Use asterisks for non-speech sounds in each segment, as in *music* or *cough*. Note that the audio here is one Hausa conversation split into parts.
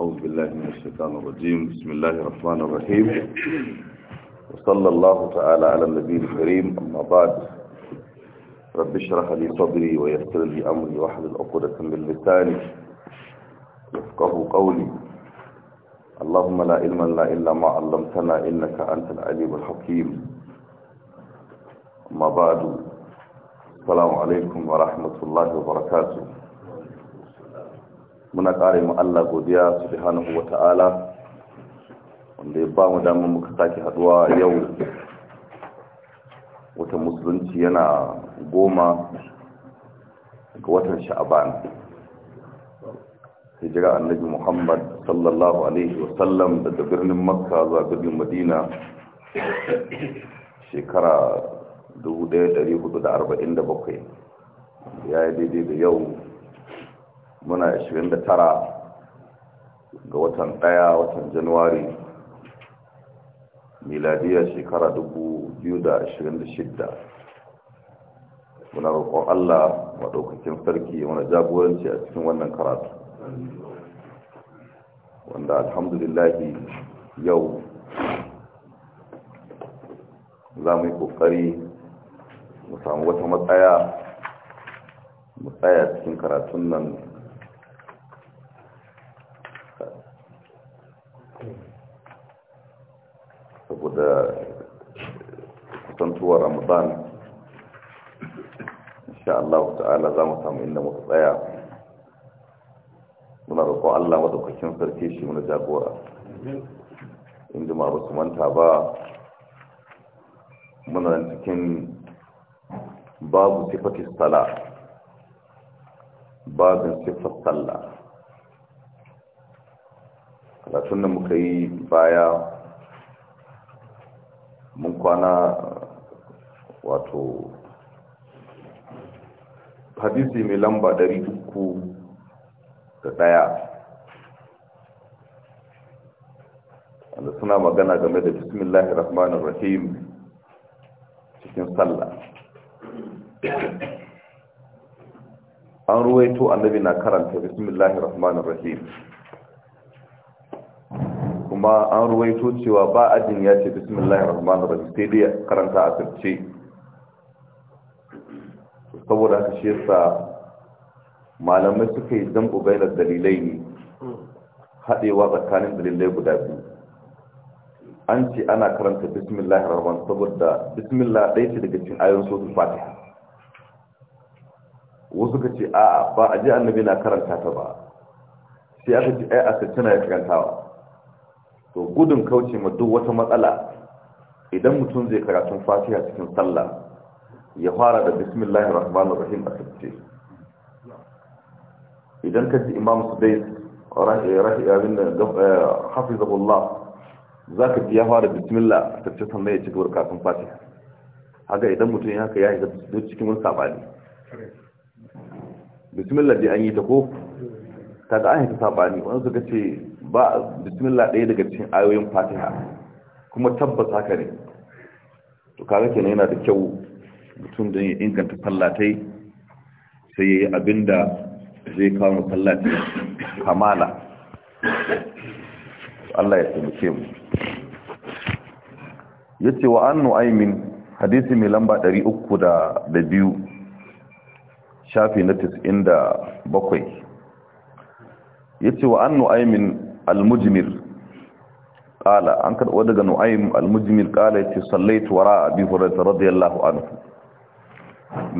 أعوذ بالله من الشيطان الرجيم بسم الله الرحمن الرحيم وصلى الله تعالى على النبي الكريم أما بعد رب اشرح لي صدري ويسر لي أمري واحلل عقدة من لساني يفقه قولي اللهم لا علم لنا إلا ما علمتنا إنك أنت العليم الحكيم أما بعد السلام عليكم ورحمة الله وبركاته muna ƙare mu Allah godiya subhanahu wa ta'ala wanda ya ba mu damar muka sake haduwa yau watan musulunci yana goma ga watan sha'aban hijira annabi muhammad sallallahu alaihi sallam. daga birnin makka zuwa birnin madina shekara 1447 ya yi daidai da yau muna 29 ga watan ɗaya watan januwari miladiyar shekara 2026 muna roƙon Allah maɗaukakin sarki wani jagoranci a cikin wannan karatu wanda alhamdulillahi yau za mu yi ƙoƙari mu samu wata matsaya mu tsaya cikin karatun nan da kusantuwar ramadan insha Allah ta'ala za mu samu inda muka tsaya muna roƙon Allah madaukakin sarki shi muna jagora inda ma ba su manta ba muna cikin babu sifatis sala babin sifar sallah karatun da muka yi baya kwana wato hadisi mai lamba ɗari uku da ɗaya wanda suna magana game da bismillahir rahmanir rahim cikin sallah an ruwaito annabi na karanta bismillahir rahmanir rahim kuma an ruwaito cewa ba ajin ya ce bismillahir rahmanir rahim sai dai karanta a tsirce saboda haka shi yasa malamai suka yi jam'u bainar dalilai ne haɗewa tsakanin dalilai guda biyu an ce ana karanta bismillahir rahman saboda bismillah ɗaya ce daga cikin ayoyin sosu fatiha wasu ka ce a ba a ji annabi na karanta ta ba sai aka ji ai a sace na karantawa to gudun kauce ma duk wata matsala idan mutum zai karatun fatiha cikin sallah ya fara da bismillahir rahmanir rahim a kace idan ka ji imam sudais abin da eh, hafizahullah zaka ji ya fara bismillah a tafi sannan ya ci karatun fatiha haka idan mutum ya haka ya shiga cikin wani sabani bismillah dai an yi ta ko kaga an yi ta sabani wani suka ce ba bismillah ɗaya daga cikin ayoyin fatiha kuma tabbas haka ne to kaga kenan yana da kyau mutum don ya inganta fallatai sai ya yi abinda zai kawo fallatai kamala Allah ya taimake mu yace wa annu aimin hadisi mai lamba 302 shafi na Ya ce, wa annu aimin al-mujmir qala an karɓo daga nu'aym al-mujmir qala yace sallaitu wara abi hurairah radiyallahu anhu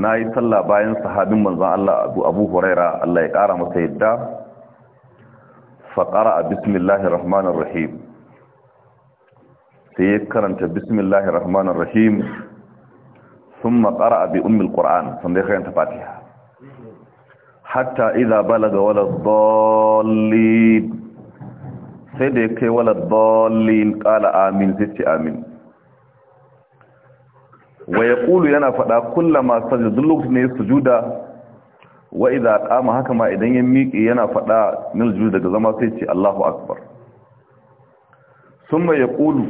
nayi sallah bayan sahabin manzon Allah Abu Abu Allah ya kara masa yadda fa rahim sai ya karanta bismillahir rahmanir rahim thumma qara bi ummil qur'an sanda ya karanta fatiha hatta idza balaga wala dhallin sai da ya kai wala dalil qala amin sai ce amin wa yaqulu yana fada kullama sajada lokacin ne sujuda wa idza qama haka ma idan ya miƙe yana fada mil sujuda daga zama sai ce Allahu akbar thumma yaqulu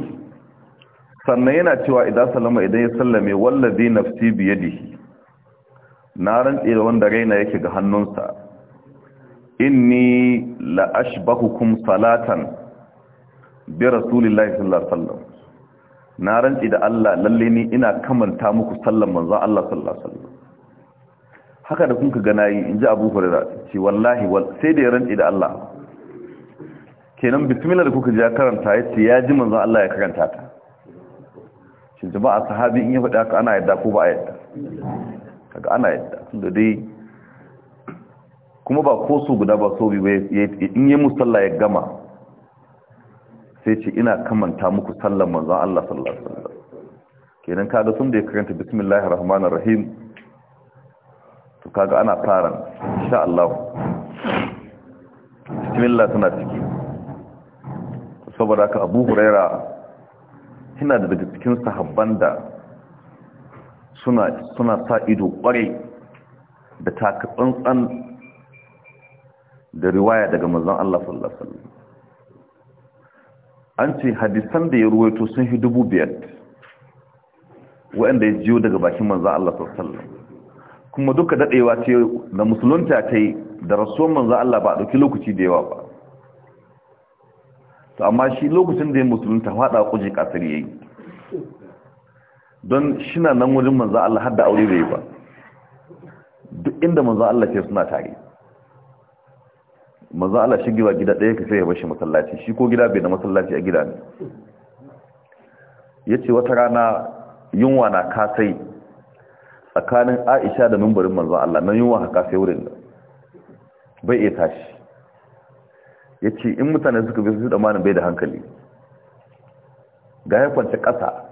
sannan yana cewa idan salama idan ya sallame wallazi nafsi shi. na rantse da wanda raina yake ga hannunsa inni la ashbahukum salatan bi rasulillahi sallallahu alaihi wasallam na rantsi da Allah lalle ni ina kamanta muku sallan manzon Allah sallallahu alaihi wasallam haka da kun ka ga nayi inji Abu Hurairah ce wallahi sai da ya rantsi da Allah kenan bismillah da kuka ji karanta yace ya ji manzon Allah ya karanta ta shi jama'a sahabi in ya faɗi haka ana yadda ko ba a yadda kaga ana yadda tunda dai kuma ba ko su guda ba so bi in yi musalla ya gama sai ce ina kamanta muku sallan manzon Allah sallallahu alaihi wasallam kenan kaga sun da ya karanta bismillahir rahmanir rahim to kaga ana fara insha Allah bismillah tana ciki saboda ka Abu Huraira yana da daga cikin sahabban da suna suna sa ido kware da taka tsantsan da riwaya daga manzon Allah sallallahu alaihi wasallam an ce hadisan da ya ruwaito sun fi dubu biyar waɗanda ya jiyo daga bakin manzan Allah sassallam kuma duka daɗewa ce da musulunta ta yi da rasuwan manzan Allah ba a ɗauki lokaci da yawa ba to amma shi lokacin da ya musulunta faɗa kuji ƙasar ya yi don shi na nan wajen manzan Allah har da aure bai ba duk inda manzan Allah ke suna tare manzo Allah shi giba gida ɗaya ka sai ya bashi masallaci shi ko gida bai da masallaci a gida ne yace wata rana yunwa na kasai tsakanin Aisha da numbarin manzo Allah nan yunwa haka sai wurin bai iya tashi yace in mutane suka bi su da malam bai da hankali ga ya kwance ƙasa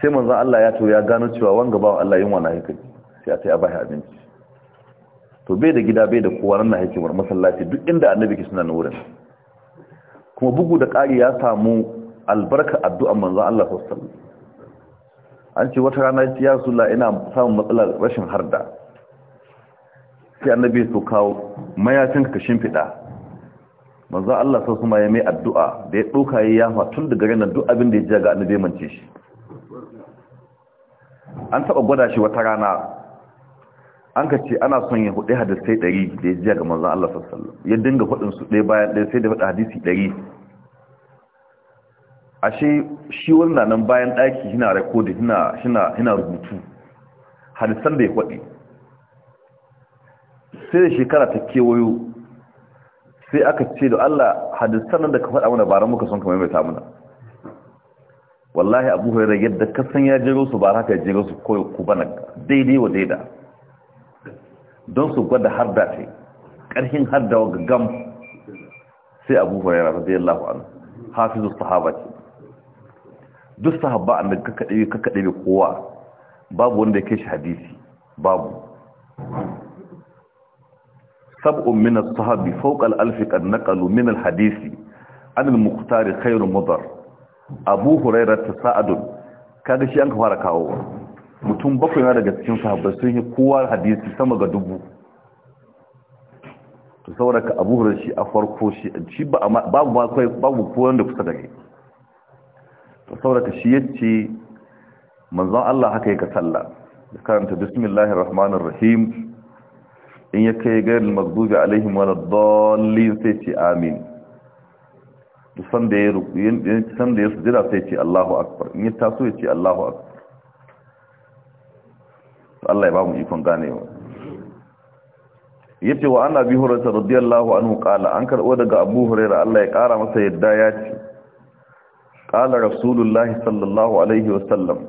sai manzo Allah ya to ya gano cewa wanga ba Allah yunwa na hikari sai a tai a bai abinci to bai da gida bai da kowa nan na hikimar masallaci duk inda annabi ke suna wurin kuma bugu da ƙari ya samu albarka addu'a manzon Allah sallallahu alaihi an ce wata rana ya sula ina samun matsalar rashin harda sai annabi su kawo mayacin ka fiɗa. manzon Allah sallallahu alaihi ya mai addu'a da ya ɗauka ya yafa tun daga nan duk abin da ya ji ga annabi mance shi an taɓa gwada shi wata rana an ka ce ana son ya hudu hadisai ɗari da ya jiya ga manzan Allah sassallu ya dinga hudun su ɗaya bayan ɗaya sai da hudu hadisi ɗari ashe shi wannan nan bayan ɗaki hina rekodi hina rubutu hadisan da ya hudu sai da shekara ta kewayo sai aka ce da Allah hadisan nan da ka faɗa mana baran muka son kamar mai samuna wallahi abu hairar yadda kasan ya jero su ba haka ya jero su ko ku bana daidai wa daida don su gwada har da ta ƙarfin har da waga gam sai abu lafi an hafi hafizu sahaba ce duk sahaba an da kakaɗe kakaɗe kowa babu wanda ke shi hadisi babu sab'un min as-sahabi fawqa al-alf qad naqalu min al-hadisi an al-muqtari khayru mudar abu hurairah tasa'adun kaga shi an ka fara kawo mutum bakwai na daga cikin sahabbai sun yi kowa hadisi sama ga dubu to saboda ka abu hurar shi a farko shi babu bakwai babu kowar da kusa da to saboda ka shi yace manzon Allah haka yake sallah da karanta bismillahir rahmanir rahim in ya kai ga al-maghdubi alaihim waladdallin sai ce amin to san da ya rukuyin san da ya sujada sai ce Allahu akbar in ya taso ya ce Allahu akbar Allah ya ba mu ikon ganewa yace wa annabi hurairah radiyallahu anhu qala an karbo daga abu hurairah Allah ya kara masa yadda yace. ce qala rasulullahi sallallahu alaihi wasallam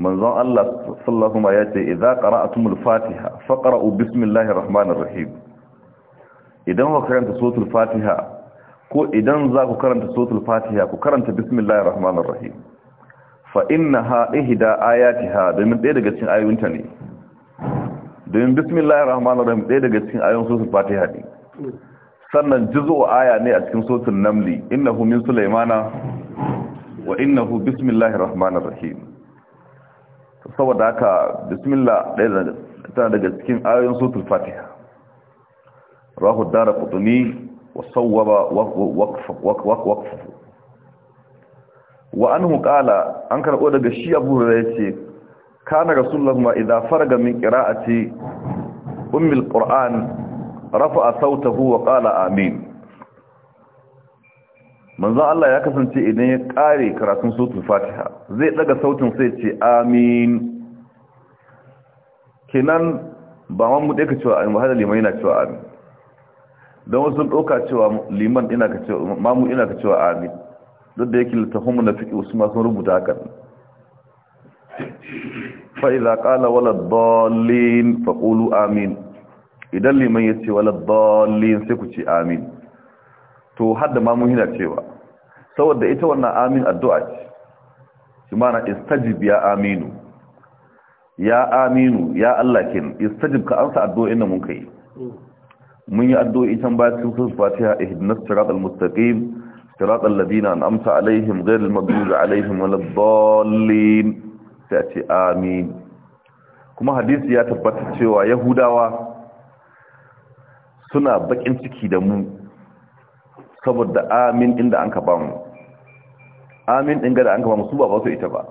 manzon Allah sallallahu alaihi ya ce idza qara'atumul fatiha faqra'u bismillahir rahmanir rahim idan ku karanta suratul fatiha ko idan za ku karanta suratul fatiha ku karanta bismillahir rahmanir rahim fa inna ha ihda ayatiha domin ɗaya daga cikin ayyunta ne domin bismillahir rahmanir rahim ɗaya daga cikin ayyun suratul fatiha ne sannan juz'u aya ne a cikin suratul namli innahu min sulaimana wa innahu bismillahir rahmanir rahim saboda haka bismillah ɗaya daga cikin ayyun suratul fatiha rahu dara qutni wa sawwaba waqf wa anhu qala an karbo daga shi Abu Hurairah yace kana rasulullah ma idza farga min qira'ati ummi alquran rafa'a sautahu wa qala amin manzo Allah ya kasance idan ya kare karatun suratul Fatiha zai daga sautin sai ce amin kenan ba mun mu ka cewa amin hada liman yana cewa amin don wasu doka cewa liman ina ka cewa mamu ina ka cewa amin duk da yake littafinmu na fiƙi wasu masu rubuta hakan fa'iza ƙala wala dalilin faƙulu amin idan liman ya ce wala dalilin sai ku ce amin to hada ma mun hina cewa saboda ita wannan amin addu'a ce shi mana istajib ya aminu ya aminu ya Allah kin istajib ka ansa addu'o'in da mun kai mun yi addu'o'i can ba cikin sun fatiha ihdinas al mustaqim صراط الذين أنعمت عليهم غير المغضوب عليهم ولا الضالين سأتي amin. كما حديث يا تبت cewa Yahudawa suna bakin ciki da mu saboda amin inda anka ba mu amin din ga da anka ba mu su ba ba su ita ba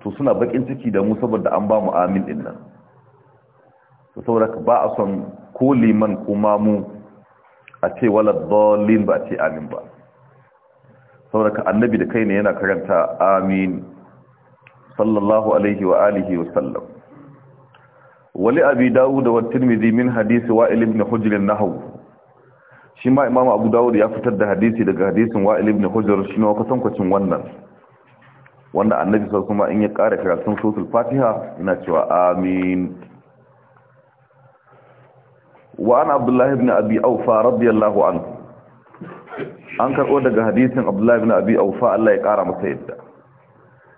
to suna bakin ciki da mu saboda an ba mu amin din nan to saboda ba a son ko liman kuma mu a ce wala dalin ba a ce amin ba sauraka annabi da kai ne yana karanta amin sallallahu alaihi wa alihi wa sallam wali abi dawud wa tirmidhi min hadisi wa'il ibn hujr nahwu shi ma imamu abu dawud ya fitar da hadisi daga hadisin wa'il ibn hujr shi ne kusan kucin wannan wanda annabi sallallahu kuma in ya kara karatun suratul fatiha ina cewa amin wa an abdullah ibn abi awfa radiyallahu anhu an karɓo daga hadisin abdullahi bin abi aufa Allah ya ƙara masa yadda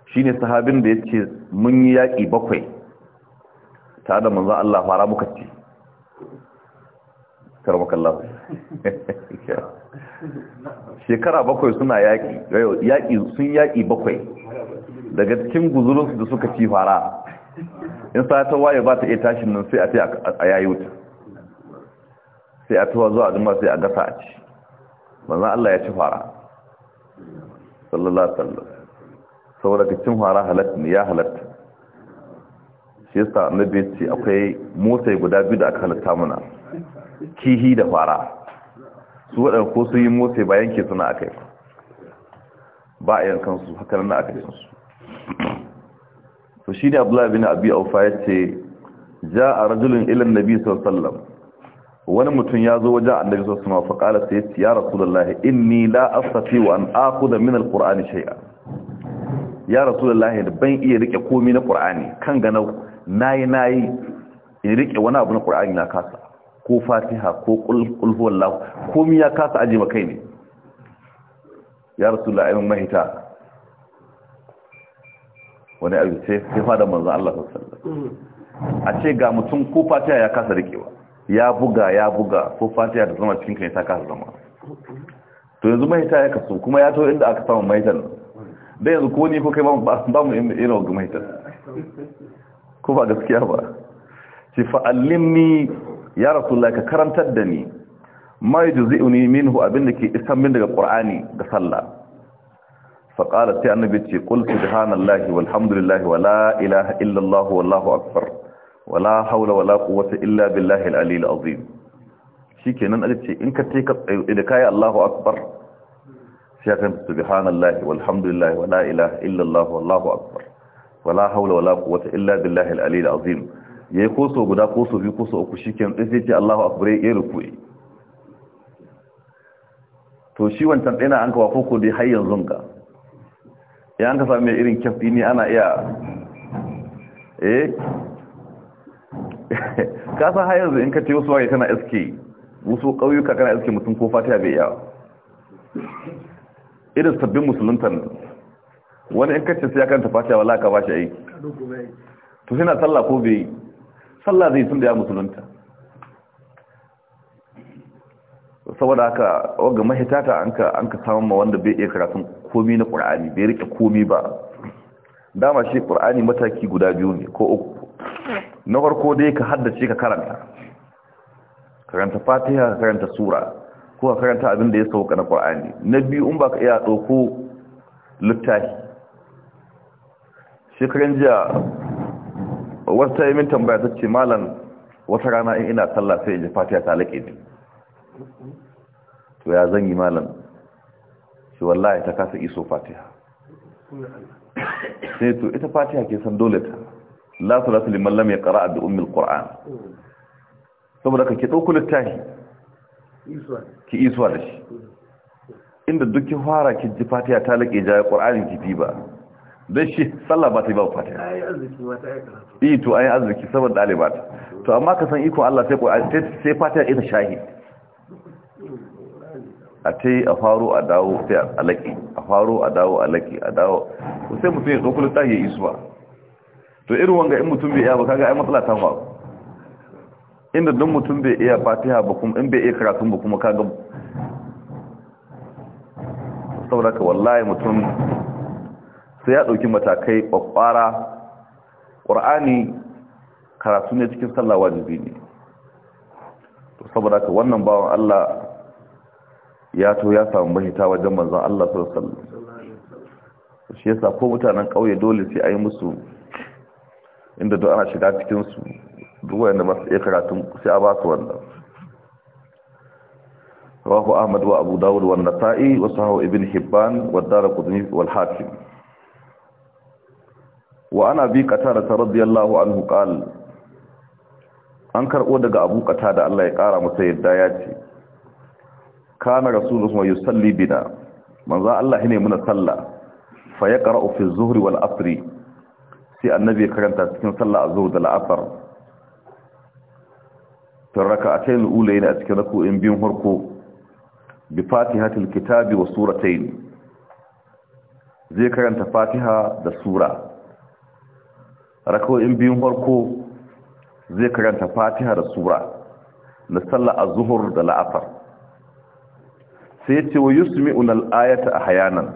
shi ne sahabin da ya ce mun yi yaƙi bakwai ta da manzan Allah fara muka ce *laughs* shekara bakwai suna yaƙi sun yaƙi bakwai daga cikin guzurinsu da suka ci fara in sa ta waye ba ta iya tashin nan sai a yayi wuta, sai a tuwa zuwa jima sai a gasa a ci manzan Allah ya ci fara sallallahu alaihi saboda ka cin fara halatta ne ya halatta shi yasa annabi ce akwai motsa guda biyu da aka halatta mana. kihi da fara su waɗanda ko su yi motsa bayan ke suna yi ba a yankan su haka nan aka yi su to shi ne abdullahi bin abi aufa ya ce ja a rajulun ilin nabi sallallahu wani mutum ya zo wajen annabi sallallahu alaihi wasallam fa su sayyid ya rasulullahi inni la astati wa an aku da minar ƙura'ani shai'a. ya da ban iya rike komai na ƙura'ani kan ga nayi nayi in rike wani abu na ƙura'ani na kasa ko fatiha ko qul lahu komai ya kasa aje makai ne ya rasulullahi mun mahita wani abu sai fada manzan Allah sosai mm. a ce ga mutum ko fatiha ya kasa rikewa ya buga ya buga ko fatiya da zama cikin kai ta kasa zama to yanzu ta ya kasu kuma ya to inda aka samu mahitan da yanzu ko ni ko kai ba mu irin ga mahitan ko ba gaskiya ba ci fa'allimni ya rasulullahi ka karantar da ni ma yujzi'uni minhu abinda ke isan min daga qur'ani da sallah fa qala sai annabi ce qul subhanallahi walhamdulillahi wala ilaha illallah wallahu akbar wala haula wala quwwata illa billahi al-ali al-azim shikenan aka ce in ka ce ka da kai Allahu akbar sai ka subhanallahi walhamdulillahi wala ilaha illa Allah wallahu akbar wala haula wala quwwata illa billahi al-ali al-azim yayi koso guda koso biyu koso uku shikenan sai ce Allahu akbar yayi ruku'i to shi wancan dina an kawo koko dai har yanzu ka ya an ka same irin kyafi ne ana iya eh ka har yanzu in ka ce wasu waye kana iske wasu ƙauyuka kana iske mutum ko fatiha bai yawa irin sabbin musuluntan wani in ka ce sai ya kanta fatiha wala ka shi aiki to sai na sallah ko bai sallah zai tun da ya musulunta saboda haka waga mahitata an ka an ka samu wanda bai iya karatun komi na qur'ani bai rike komi ba dama shi qur'ani mataki guda biyu ne ko uku na farko dai ka haddace ka karanta karanta fatiha ka karanta sura ko ka karanta abin da ya sauka na qur'ani na biyu in baka iya dauko littafi shekaran jiya wata yi min tambaya ta ce malam wata rana in ina sallah sai in ji fatiha ta laƙe ni to ya zan yi malam shi wallahi ta kasa iso fatiha sai to ita fatiha ke san dole ta la salatu liman lam yaqra bi ummi alquran saboda ka ki dauko littafi ki isuwa da shi inda duk ki fara ki ji fatiha ta lake jaya alquran ki bi ba dan shi sallah ba ta ba fatiha ai arziki ba ta karatu eh to ai arziki saboda dalibat to amma ka san iko Allah sai sai fatiha ita shahid a ta yi a faru a dawo sai a laƙi a faru a dawo a laƙi a dawo sai mutum ya zo kula ta yi isuwa to irin wanga in mutum bai iya ba kaga ai matsala ta faru inda duk mutum bai iya fatiha ba kuma in bai iya karatu ba kuma kaga saboda ka wallahi mutum sai ya ɗauki matakai ƙwaƙwara qur'ani karatu ne cikin sallah wajibi ne to saboda ka wannan bawan Allah ya to ya samu mahita wajen manzon Allah sallallahu alaihi wasallam shi yasa ko mutanen ƙauye dole sai a yi musu inda duk ana shiga cikinsu duk wanda ba su iya karatun sai a ba su wannan rawahu ahmad wa abu dawud wa nasa'i wa sahahu ibn hibban wa darqutni wal hakim wa ana bi qatada radiyallahu anhu qala an karbo daga abu qatada Allah ya kara masa yadda ya ce kana rasulullahi yusalli bina manzo Allah ne muna sallah fa yaqra'u fi zuhri wal asri sai annabi ya karanta cikin sallah azhar da la'asar taraka atayn ulayn a cikin raku'in biyun harko, bi fatihatil kitabi wa suratayn zai karanta fatiha da sura raku'in biyun harko zai karanta fatiha da sura na sallah azhar da la'asar sai ya ce wa yusmi'una al-ayata ahyanan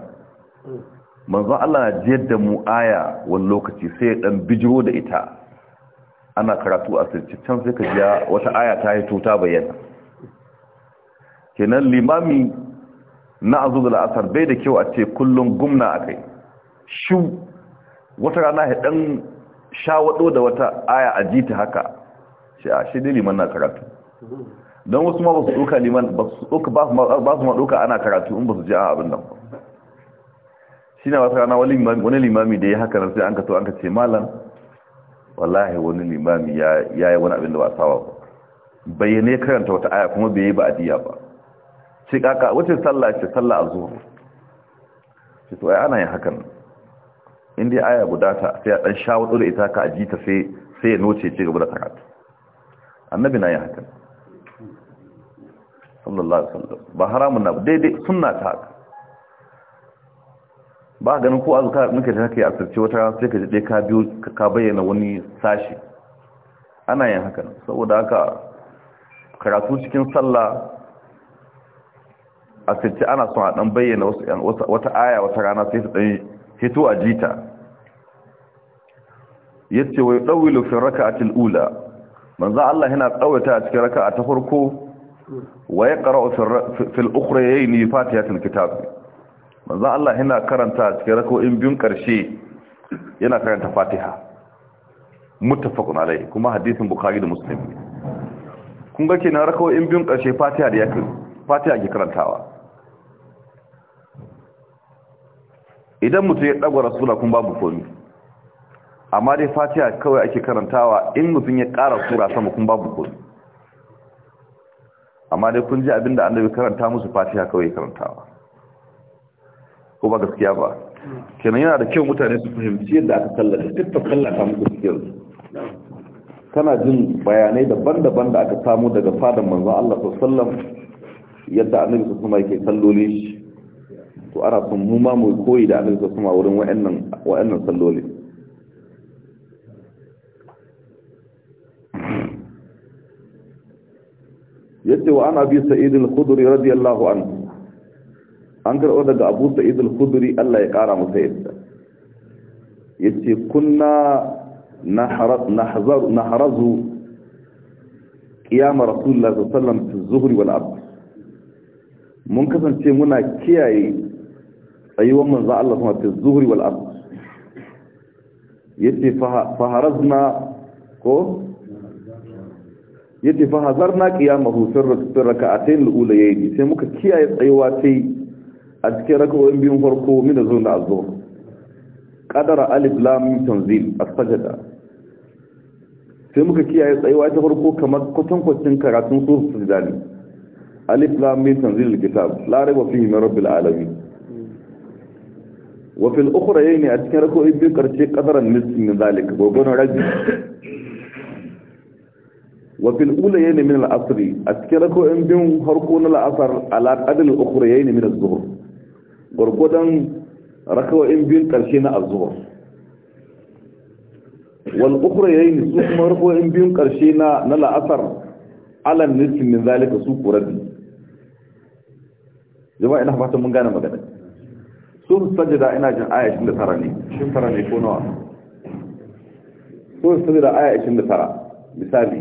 manzo Allah jiyar da mu aya wani lokaci sai ya dan bijiro da ita ana karatu a sirciccen sai ka jiya wata aya ta yi ta bayyana kenan limami na azu da la'asar bai da kyau a ce kullum gumna a kai shi wata rana ya dan shawado da wata aya a ji ta haka shi a shi dai liman na karatu don wasu ma ba su ɗoka liman ba su ma ɗoka ana karatu in ba su ji a abin nan ba shi na wata rana wani limami da ya haka nan sai an ka to an ka ce malam wallahi wani limami ya yi wani abin da ba sawa ba bayyane karanta wata aya kuma bai yi ba adiya ba ce kaka wace sallah ce sallah a zuwa to ai ana yin hakan inda aya guda ta sai a dan shawo da ita ka aji ta sai sai ya noce ce gaba da karatu annabi na yin hakan sallallahu alaihi wasallam ba haramun na daidai sunna ta haka ba ganin ko azkar muke ta kai asirce wata sai ka je ka biyo ka bayyana wani sashi ana yin haka saboda haka karatu cikin sallah asirce ana son a dan bayyana wata aya wata rana sai ta dan hito a jita yace wai dawilu fi rak'atil ula manzo Allah yana tsawata a cikin rak'a ta farko wa yaqra'u fil ukhrayni fatihatul kitab manzo Allah yana karanta cikin rako'in biyun karshe yana karanta Fatiha muttafaqun alai kuma hadisin Bukhari da Muslim kun ga kenan rako'in biyun karshe Fatiha da yake Fatiha ke karantawa idan mutum ya dagwa rasula kun babu komi amma dai Fatiha kawai ake karantawa in mutum ya ƙara sura sama kun babu komi amma dai kun ji abinda annabi karanta musu Fatiha kawai karantawa ko ba gaskiya ba kenan yana da kyau mutane su fahimci yadda aka sallata duk ta sallata muku cikin kana jin bayanai daban-daban da aka samu daga fadan manzon Allah sallam yadda annabi su kuma yake salloli shi to ana son mu ma mu koyi da annabi su kuma wurin wayannan wayannan salloli yace wa ana bi sa'id al-khudri radiyallahu anhu an karɓo daga abu sa'id al-khudri Allah ya ƙara masa yadda ce kunna na harazu qiyam rasulullah sallallahu sallam wasallam fi zuhri wal mun kasance muna kiyaye tsayuwan manzo Allah kuma fi zuhri wani abu ya fa harazna ko yace fa hazarna qiyamahu fi rak'atayn al sai muka kiyaye tsayuwa sai a cikin rakawar biyun farko mina zuwa da azur kadara alif lam tanzil as-sajda sai muka kiyaye tsayuwa ta farko kamar kwatankwacin karatun suratul sajda ne alif lam mim tanzil al-kitab la rayba fihi min rabbil alamin wa fil ukhrayni a cikin rakawar biyun karshe kadaran nisf min zalik gogonon rabi وفي الأولى يعني من العصر أذكركم بهم هركون العصر على قدر ukhrayni min az الظهر gwargwadon rakawa'in biyun ƙarshe na azuwa wal ukura ya yi su kuma rakawa'in biyun ƙarshe na la'asar alan nisfin min zalika su kurabi jama'a ina fatan mun gane magana su sajada ina jin aya 29 ne shin tara ne ko nawa su sajada aya 29 misali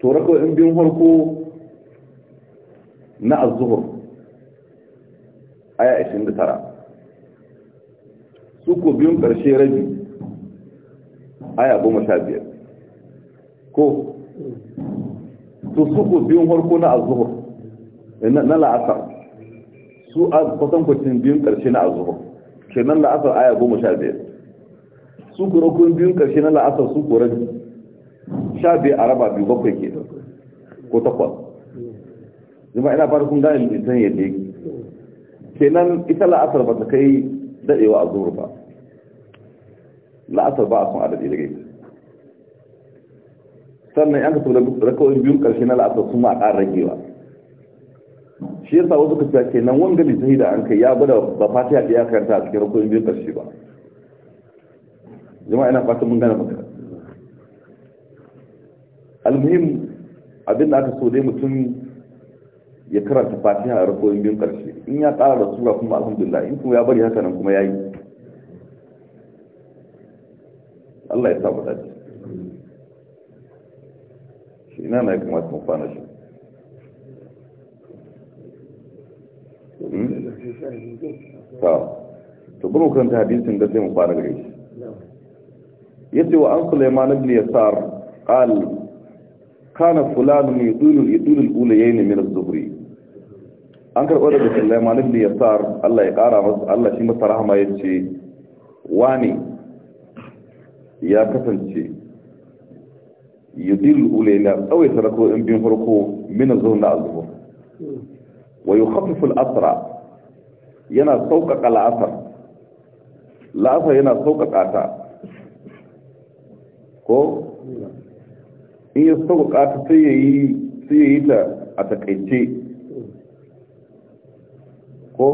to rakawa'in biyun harko na azuhur aya 29 su biyun karshe rabi aya 15 ko to su ko biyun harko na azuhur na la'asar su a kwatankwacin biyun karshe na azuhur nan la'asar aya 15 su rukun biyun karshe na la'asar su ko rabi biyu a raba biyu bakwai ke ko takwas zama ina fara kun gane lisan yadda yake kenan ita la'asar ba ta kai daɗewa a zuwa ba la'asar ba a sun adadi da gaisa sannan yan kasu da rakawar biyun ƙarshe na la'asar sun ma a ƙara ragewa shi yasa wasu ka kenan nan wanga littafi da an kai ya gwada ba fatiha da ya karanta a cikin rakawar biyun ƙarshe ba jama'a ina fata mun gane maka almuhim abin da aka so dai mutum ya karanta fatiha a rakoyin biyun ƙarshe in ya ƙara da sura kuma alhamdulillah in kuma ya bari haka nan kuma ya yi Allah ya samu dace shi ina na ya kamata mu kwana shi hmm? to bari ta hadisin da sai mu fara gare shi ce wa an Sulaiman ibn Yasar qal kana fulan yudul yudul ulayayn min az-zuhri an karɓo daga Sulaiman ibn Yasar Allah ya ƙara masa Allah shi masa rahama ce. wani ya kasance yudil ulayla tsawai sarako in bin farko min zo na azubu wa yukhaffif al-asra yana sauƙaƙa la'asar la'asar yana sauƙaƙa ta ko in ya sauƙaƙa ta sai yayi sai yayi ta a takaice ko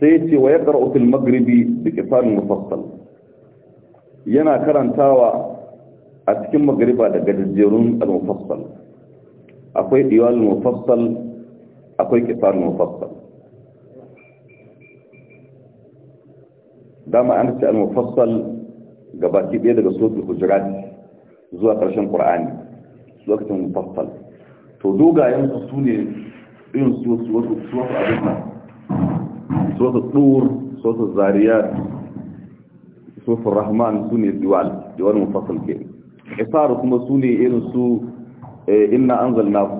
sai ce wa ya ƙar'u fil magribi da ƙisarin mafassal yana karantawa a cikin magriba da gajajjerun al-mufassal akwai diwal mufassal akwai ƙisarin mufassal dama an ce al-mufassal gabaki ɗaya daga sotul hujrat zuwa ƙarshen ƙur'ani lokacin mufassal to dogayen su ne إيه الصوت صوت صوت أبنا صوت الطور صوت الزاريات صوت الرحمن سوني الدوال دوال مفصل كي إصارة ثم سوني إيه الصو إنا أنزل ناف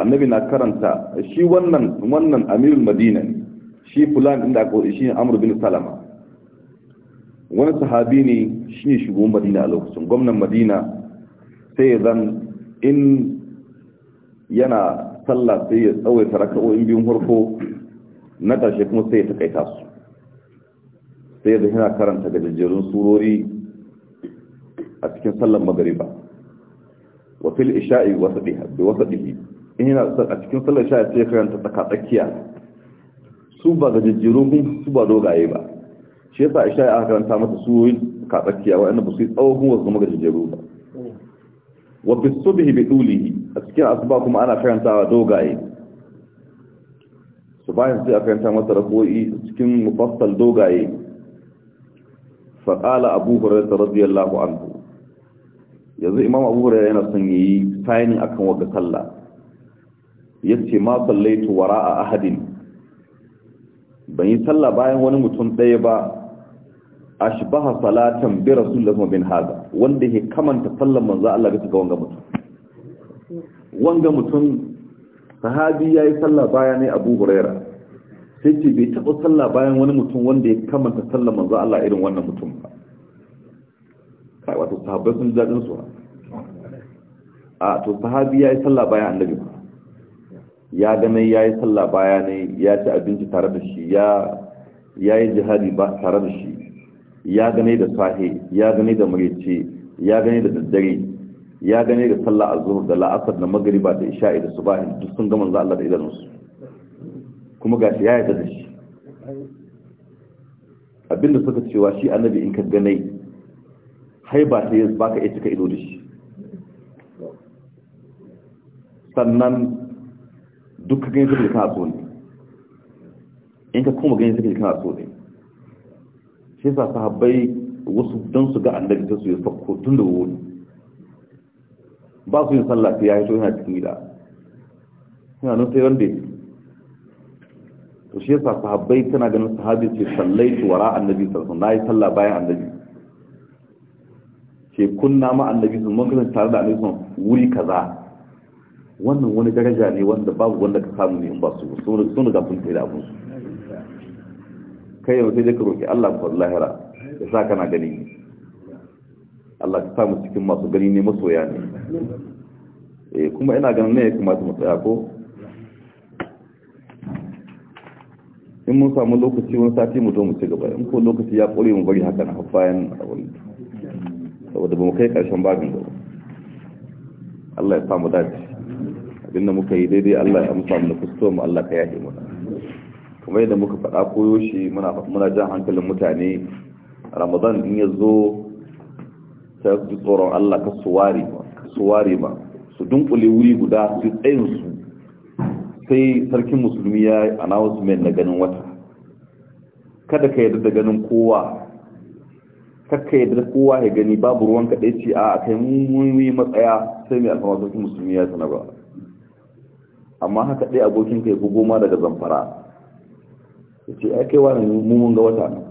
النبي نكرن تا شي ونن ونن أمير المدينة شي فلان إن أقول شي أمر بن سلمة wani sahabi ne shi ne shugon madina a lokacin gwamnan madina sai ya zan in yana sallah sai ya tsawaita raka'o'in biyun farko na ƙarshe kuma sai ya taƙaita su sai ya yana karanta gajajjerun surori a cikin sallar magariba wa fil isha'i bi wasaɗihi in yana a cikin sallar isha'i sai ya karanta tsakiya su ba gajajjerun su ba dogaye ba shi yasa isha'i aka karanta masa surori tsakiya wa'anda ba su yi tsawo kuma wasu ga gajajjeru ba wa bisubhi bi dulihi a cikin asuba kuma ana karantawa dogaye su sai a karanta masa rakoi cikin mufassal dogaye fa qala abu hurairah radiyallahu anhu yanzu imam abu hurairah yana son yi signing akan wagga sallah yace ma sallaitu wara'a ahadin ban yi sallah bayan wani mutum ɗaya ba ashbaha salatan bi rasulullah bin hada wanda yake kamanta sallan manzo Allah ga ga wanga mutum wanga mutum sahabi yayi sallah baya ne Abu Hurairah sai ce bai taba sallah bayan wani mutum wanda ya kamanta sallan manzo Allah irin wannan mutum ba kai wato sahabbai sun dadin su a to sahabi yayi sallah bayan annabi ya ga mai yayi sallah baya ne ya ci abinci tare da shi ya yayi jihadi ba tare da shi ya gane da sahi ya gane da marice ya gane da daddare ya gane da sallah azhur da la'asar da magriba da isha'i da subahi duk sun ga manzo Allah da su, kuma gashi ya yarda da shi abinda suka cewa shi annabi in ka gane hai ba sai baka iya cika ido da shi sannan duk ka gani suka ka so ne in ka kuma gani suka ka so ne sai sa sahabbai wasu don su ga annabi ta su ya fakko tun da wuri ba su yin sallah sai ya yi to yana cikin gida suna nan sai wanda to shi yasa sahabbai tana ganin sahabi ce sallai su wara annabi sallallahu alaihi wasallam sallah bayan annabi ke kunna ma annabi sun mun kasance tare da annabi sun wuri kaza wannan wani daraja ne wanda babu wanda ka samu ne in ba su sun ga sun kai da abun su kai yau sai dai ka roƙi Allah ku lahira ya sa kana gani ne Allah ka mu cikin masu gani ne masoya ne eh kuma ina ganin ne ya kamata mu tsaya ko in mun samu lokaci wani sati mu zo mu ci gaba in ko lokaci ya ƙure mu bari haka na bayan abin saboda ba mu kai ƙarshen babin da Allah ya samu dace abinda muka yi daidai Allah ya amsa mu na kusto mu Allah ka yahe mu kuma yadda muka faɗa koyo shi muna jan hankalin mutane ramadan in ya zo ta yi tsoron allah ka suware ba. su dunkule wuri guda su tsayinsu sai sarkin musulmi ya yi announcement na ganin wata kada ka yarda da ganin kowa kakka yarda kowa ya gani babu ruwan kaɗai ce a kai mummuni matsaya sai mai alfama sarkin musulmi ya sanar ba amma haka ɗaya abokin ka ya fi goma daga zamfara ce ya kai wani mummun ga wata nan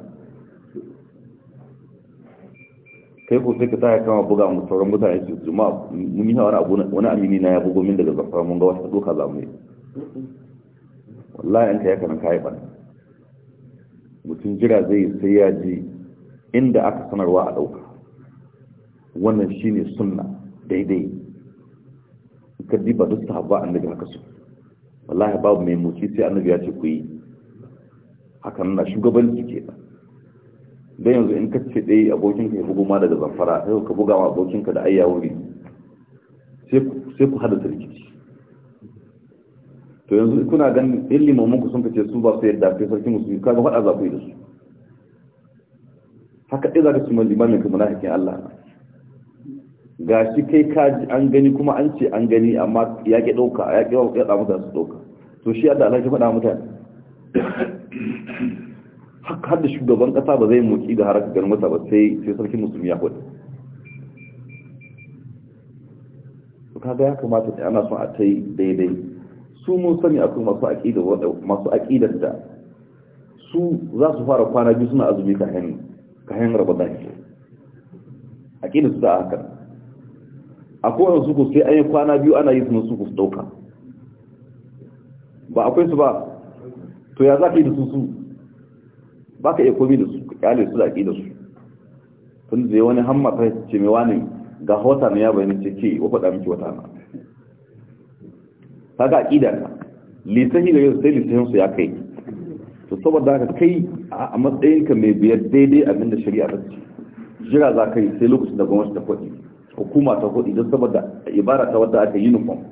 kai ko sai ka ta ya kama buga mu sauran mutane su juma mun yi na abu wani amini na ya bugo min daga zafa mun ga wata doka za mu yi wallahi an ka ya kanan kayi ban mutum jira zai sai ya ji inda aka sanarwa a ɗauka wannan shine sunna daidai ka diba duk sahabba annabi haka su wallahi babu mai muci sai annabi ya ce ku yi hakan na shugabanci ke ba don yanzu in ka ce ɗaya abokinka ya bugu ma daga zamfara sai ka buga ma abokinka da ayya wuri sai ku hada rikici to yanzu kuna ganin ɗin ku sun kace su ba su yadda sai su ka kaga faɗa za ku yi da su haka ɗaya za ka cimma limamin ka munafikin Allah ga shi kai ji an gani kuma an ce an gani amma ya ke ɗauka ya ke ɗauka ya ɗamu da su ɗauka to shi yadda Allah ke faɗa mutane har da shugaban kasa ba zai motsi ga haraka ganin wata ba sai sai sarkin musulmi ya kwata to kaga ya kamata da ana son a tai daidai su mun sani akwai masu aqida masu aqidar da su za su fara kwana biyu suna azumi ka hen ka da ramadan aqida su da haka akwai wani suku sai an yi kwana biyu ana yi sunan suku su dauka ba akwai su ba to ya za ka yi da su su ba ka iya komi da su ka kyale su da da su tun zai wani hamma ta ce mai wani ga hota na ya bayyana ce ce wa faɗa miki wata na ta ga aƙida ka lisahi da yau sai lisahin su ya kai to saboda haka kai a matsayin ka mai biyar daidai abin da shari'a ta ce jira za ka yi sai lokacin da gwamnati ta kwaɗi hukuma ta kwaɗi don saboda ibara ta wadda aka yi uniform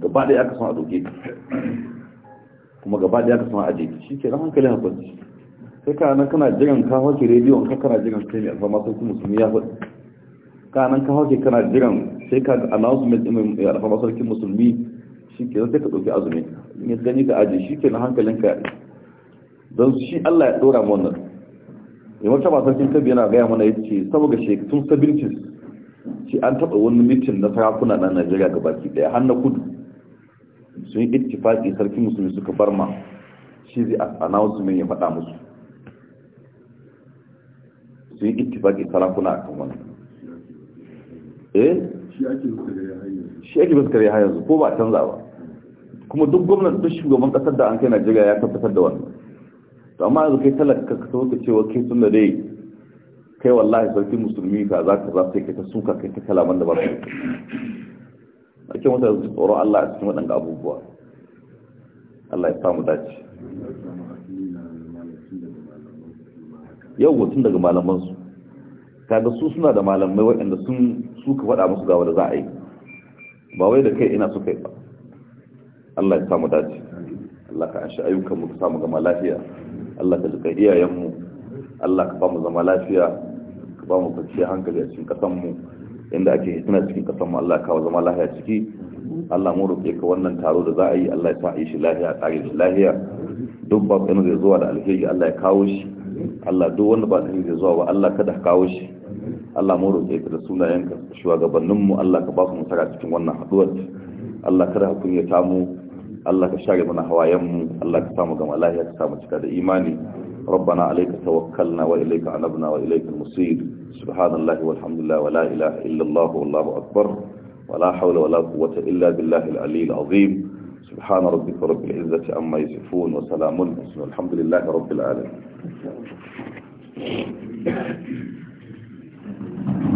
gaba ɗaya aka san a doke kuma gaba ɗaya aka san a ajiye shi ke ran na hakwarci sai ka nan kana jiran ka hauke rediyon ka kana jiran sai mai alfama sun kuma musulmi ya faɗi ka nan ka hauke kana jiran sai ka ga announcement mai alfama sarkin musulmi shi ke sai ka ɗauki azumi in ya gani ka aji shi ke na hankalin ka don shi Allah ya ɗora wannan ya wata ba sarkin kabi yana gaya mana ya ce saboda shekatun sabintis shi an taɓa wani mitin na sarakuna na Najeriya gabaki baki ɗaya har na kudu sun yi ittifaki sarkin musulmi suka bar ma shi zai announcement ya faɗa musu su yi ittifaƙin sarakuna a kan wani eh shi ake fuskare har yanzu ko ba canza ba kuma duk gwamnati duk shugaban kasar da an kai najeriya ya tabbatar da wannan to amma yanzu kai talaka ka so cewa kai sun da dai kai wallahi sarki musulmi ka za ka za su kai ta suka kai ta kalaman da ba su ake masa yanzu tsoron allah a cikin waɗanda abubuwa allah ya samu dace yau tun daga malamansu kaga su suna da malamai waɗanda sun su ka faɗa musu ga da za a yi ba wai da kai ina suka kai ba Allah ya samu dace Allah ka anshi ayyukan mu ka samu gama lafiya Allah ka jika iyayenmu Allah ka ba mu zama lafiya ka ba mu kwanciyar hankali a cikin kasan mu inda ake hitina cikin kasan mu Allah kawo zama lafiya ciki Allah mu roƙe ka wannan taro da za a yi Allah ya sa a yi shi lafiya a tsari shi lafiya duk ba zai zuwa da alheri Allah ya kawo shi Allah duk wanda ba sani zai zuwa ba Allah kada kawo shi Allah mu roƙe ka da sunayenka shugabanninmu Allah ka ba su nasara cikin wannan haɗuwar Allah kada ka kunyata mu Allah ka share mana hawayenmu Allah ka samu gama lahiya ka samu cika da imani ربنا عليك توكلنا وإليك عنبنا وإليك المصير سبحان الله والحمد لله ولا إله إلا الله والله أكبر ولا حول ولا قوة إلا بالله العلي سبحان ربك رب العزة أما يصفون وسلام المسلم الحمد لله رب العالمين